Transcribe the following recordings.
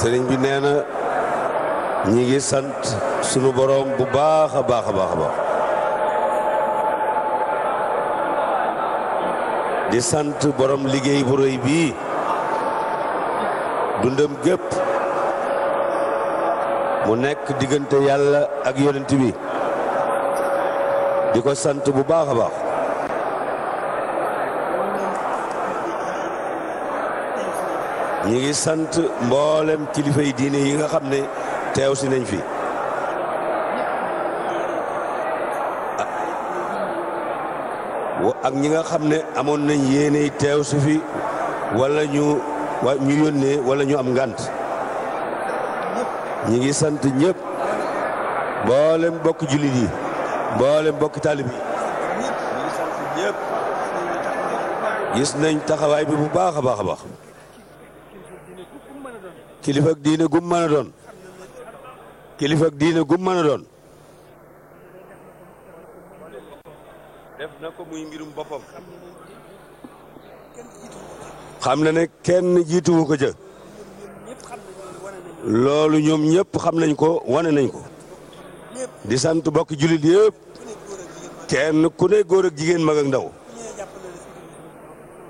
sëriñ bi nee na ñi ngi sant sunu boroom bu baax a baax a baax a baax di sant boroom liggéey bu rëy bii dundam gépp mu nekk diggante yàlla ak yonent bi di ko sant bu baax a baax ñi ngi sant mboolem kilifa yi diine yi nga xam ne teew si nañ fi ak ñi nga xam ne amoon nañ yéeney teew si fi wala ñu yónnee wala ñu am ngànt ñu ngi sant ñépp mboolem bokki jullit yi mboolem bokki taalib yi gis nañ taxawaay bi bu baax a baax a baax kilifa ak diine gum mën a doon kilifa diine gum mën a doon. na ko muy xam na ne kenn jiituwu ko ca. loolu ñoom ñëpp xam nañ ko wane nañ ko. di sant bokki jullit yëpp. kenn ku ne góor ak jigéen mag ak ndaw.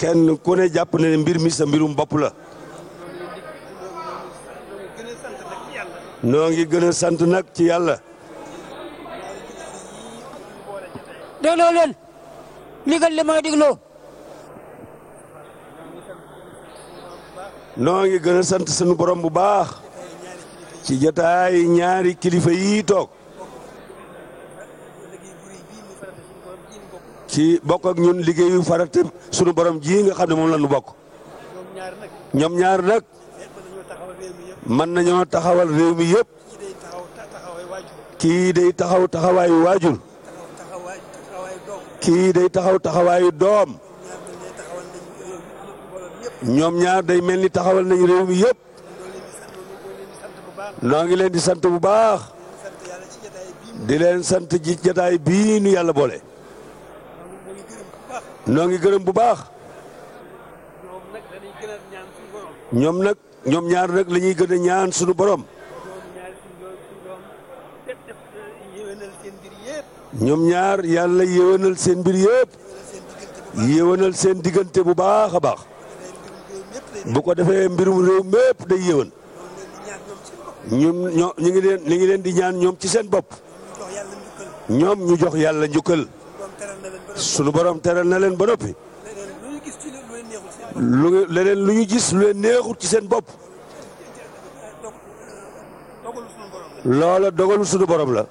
kenn ku ne jàpp na ne mbir mi sa mbirum bopp la. noo ngi gën sant nag ci yàlla. dégloo leen ndigal li mooy dégloo. noo ngi gën a sant sunu borom bu baax ci jotaay ñaari kilifa yii toog ci bokk ak ñun liggéeyu farata sunu borom ji nga xam ne moom la ñu bokk ñoom ñaar nag. mën nañoo taxawal réew mi yépp kii day taxaw taxawaayu waajur kii day taxaw taxawaayu doom ñoom ñaar day mel ni taxawal nañ réew mi yépp noo ngi leen di sant bu baax di leen sant ji jataay bii nu yàlla boole noo ngi gërëm bu baax ñoom nag ñoom ñaar nag la ñuy gën ñaan suñu borom ñoom ñaar yàlla yéwénal seen mbir yëpp yéwénal seen diggante bu baax a baax bu ko defee mbirum réew mépp day yéwén ñoom ñoo ñu ngi leen ñu ngi leen di ñaan ñoom ci seen bopp ñoom ñu jox yàlla njukkal sunu borom teral na leen ba noppi. lu leneen lu ñu gis lu leen neexut ci seen bopp loola dogalu sunu boroom la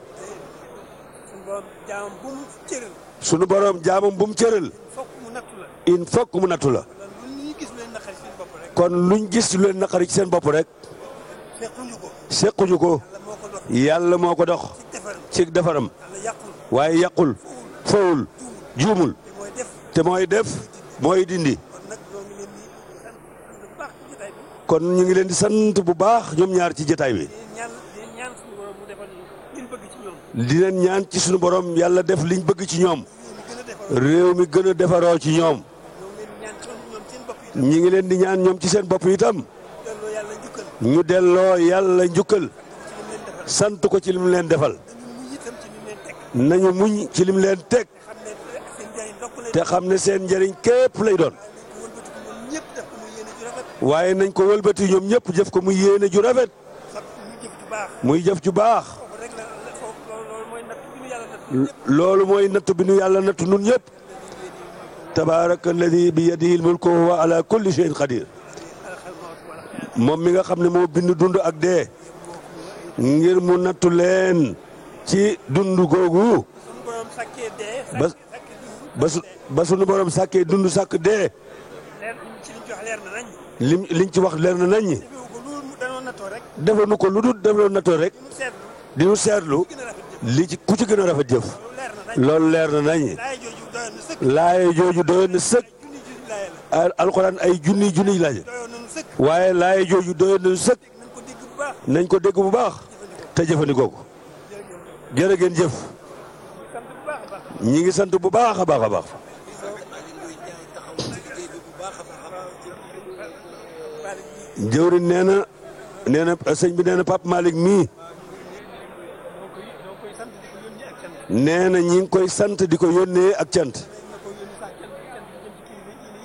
sunu borom jaamam bu mu cëral in fokk mu nattu la kon luñ gis lu leen naqari ci seen bopp rek séquñu ko yàlla moo ko dox ci defaram waaye yàqul fowul juumul te mooy def mooy dindi kon ñu ngi leen di sant bu baax ñoom ñaar ci jotaay bi. di leen ñaan ci suñu borom yàlla def liñ bëgg ci ñoom. réew mi gën a defaroo ci ñoom. ñu ngi leen di ñaan ñoom ci seen bopp itam. ñu delloo yàlla njukkal. sant ko ci lim leen defal. nañu muñ ci lim leen teg. te xam ne seen njëriñ képp lay doon. waaye nañ ko wëlbati ñoom ñëpp jëf ko muy yéene ju rafet muy jëf ju baax loolu mooy natt bi nu yàlla natt nun ñëpp tabaaraka alladi bi yadihi mulku wa huwa ala kulli shay'in qadir moom mi nga xam ne moo bind dund ak dee ngir mu nattu leen ci dund googu ba ba sunu borom sàkkee dund sàkk dee lim liñ ci wax leer na nañ ñi defal nu ko lu dul defal nattoo rek di seetlu li ci ku ci gën a rafet jëf loolu leer na nañ laay jooju doyoon na sëkk alxuraan ay junni junniy laaj waaye laay jooju doyoon na sëkk nañ ko dégg bu baax te jëfandikoo ko jërë ngeen jëf ñi ngi sant bu baax a baax a baax. jëwriñ nee na nee bi nee na Pape mii nee na ñi ngi koy sant di ko yónnee ak cant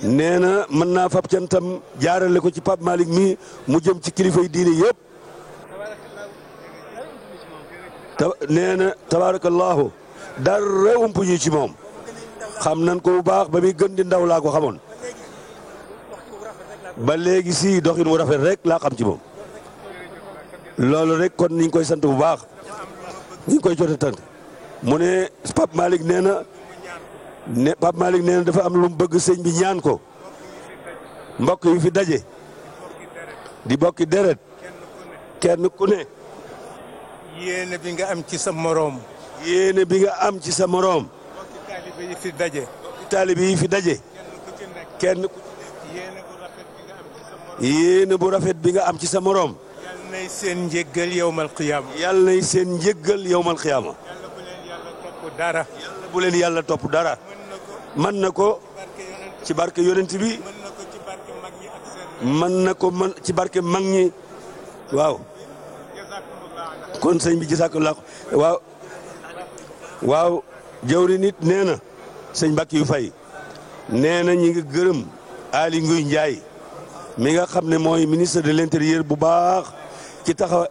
nee na mën naa fab cantam jaarale ko ci Pape Malick mii mu jëm ci kilifay diine yépp ta nee na tabaarakallaahu dara ump ñu ci moom xam nan ko bu baax ba muy gën di ndaw laa ko xamoon ba léegi si doxin wu rafet rek laa xam ci moom loolu rek kon niñ koy sant bu baax niñ koy jot a mu ne Pape Malick nee na ne Pape Malick nee dafa am lu bëgg sëñ bi ñaan ko mbokk yi fi daje di bokki deret kenn ku ne. yéene bi nga am ci sa moroom. yéene bi nga am ci sa moroom. fi daje. mbokki taalibe fi daje. kenn ku yéene bu rafet bi nga am ci sa moroom. yal nay seen njëggal yowmal qiyaama. yal nay seen njëggal yowmal qiyaama. yàlla dara. yàlla yàlla topp dara. mën na ko ci barke yonent bi. mën na ko man ci barke mag ñi waaw kon sëñ bi gisaakulaa waaw waaw jawri nit nee na sëñ Mbàkke yu fay nee na ñi ngi gërëm Aly nguy njaay mi nga xam ne mooy ministre de l'intérieur bu baax ci taxaw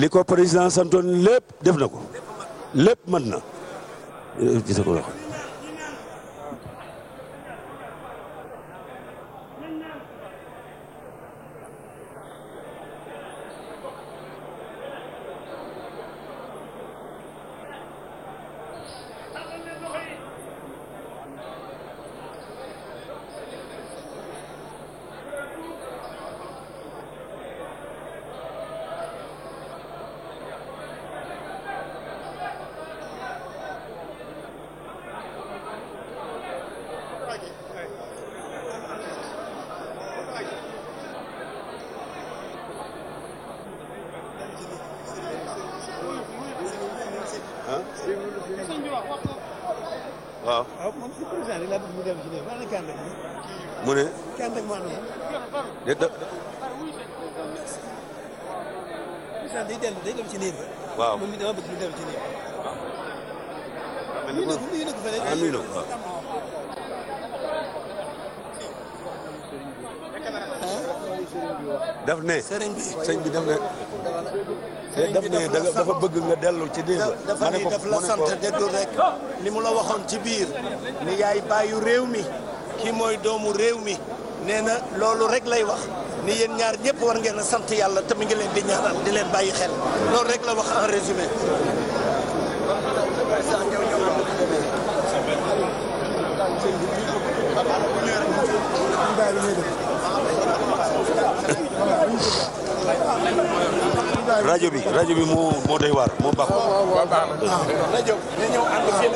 li ko président santoon lépp def na ko lépp mën na waaw waaw ah, man si président rek laa bëgg mu dem ci def ana Kande mu ne Kande ak maanaam président day dellu day dem ci néeg waaw moom mi dama bëgg mu dem ci néeg muy nëkk fële muy nëkk waaw ah. daf ne sëriñ bi daf ne daf ne dafa bëgg nga dellu ci dégg dafa ni daf la sant déglu rek li mu la waxoon ci biir ni yaay bàyyu réew mi kii mooy doomu réew mi nee na loolu rek lay wax ni yéen ñaar ñëpp war ngeen a sant yàlla te mi ngi leen di ñaanal di leen bàyyi xel loolu rek la wax en résumé rajo bi rajo bi moo moo doy waar moo baax. rajo bi ñëw ànd kenn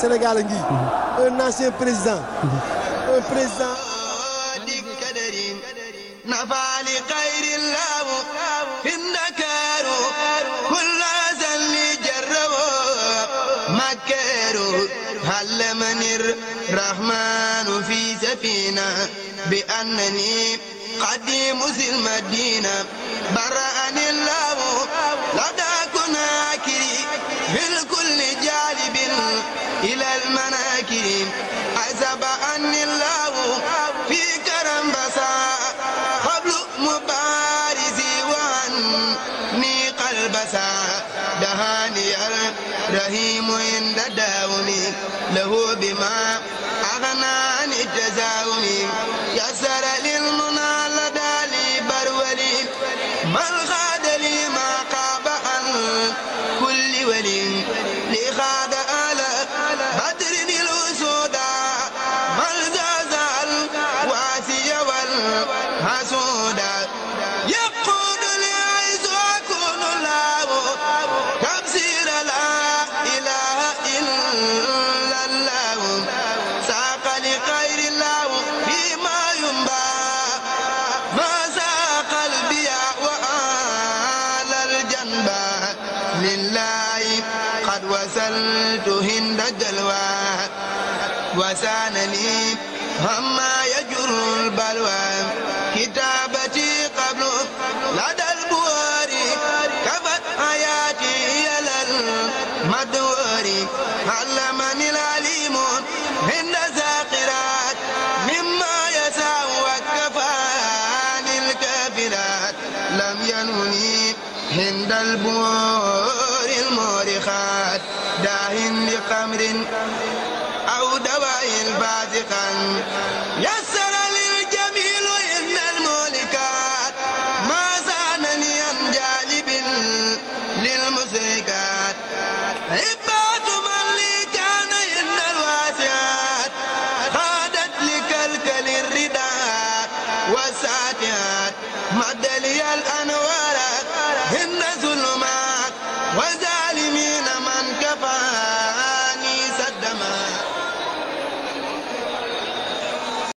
Sénégal ngi un ancien président un président di kadarin nafa li xayril بأنني قديم ذي المدينة برأ دخلت هند الجلوى وسان لي هما يجر البلوى الجاه لم ينوني عند البور المورخات داهن لقمر أو دواء فاسقا يسر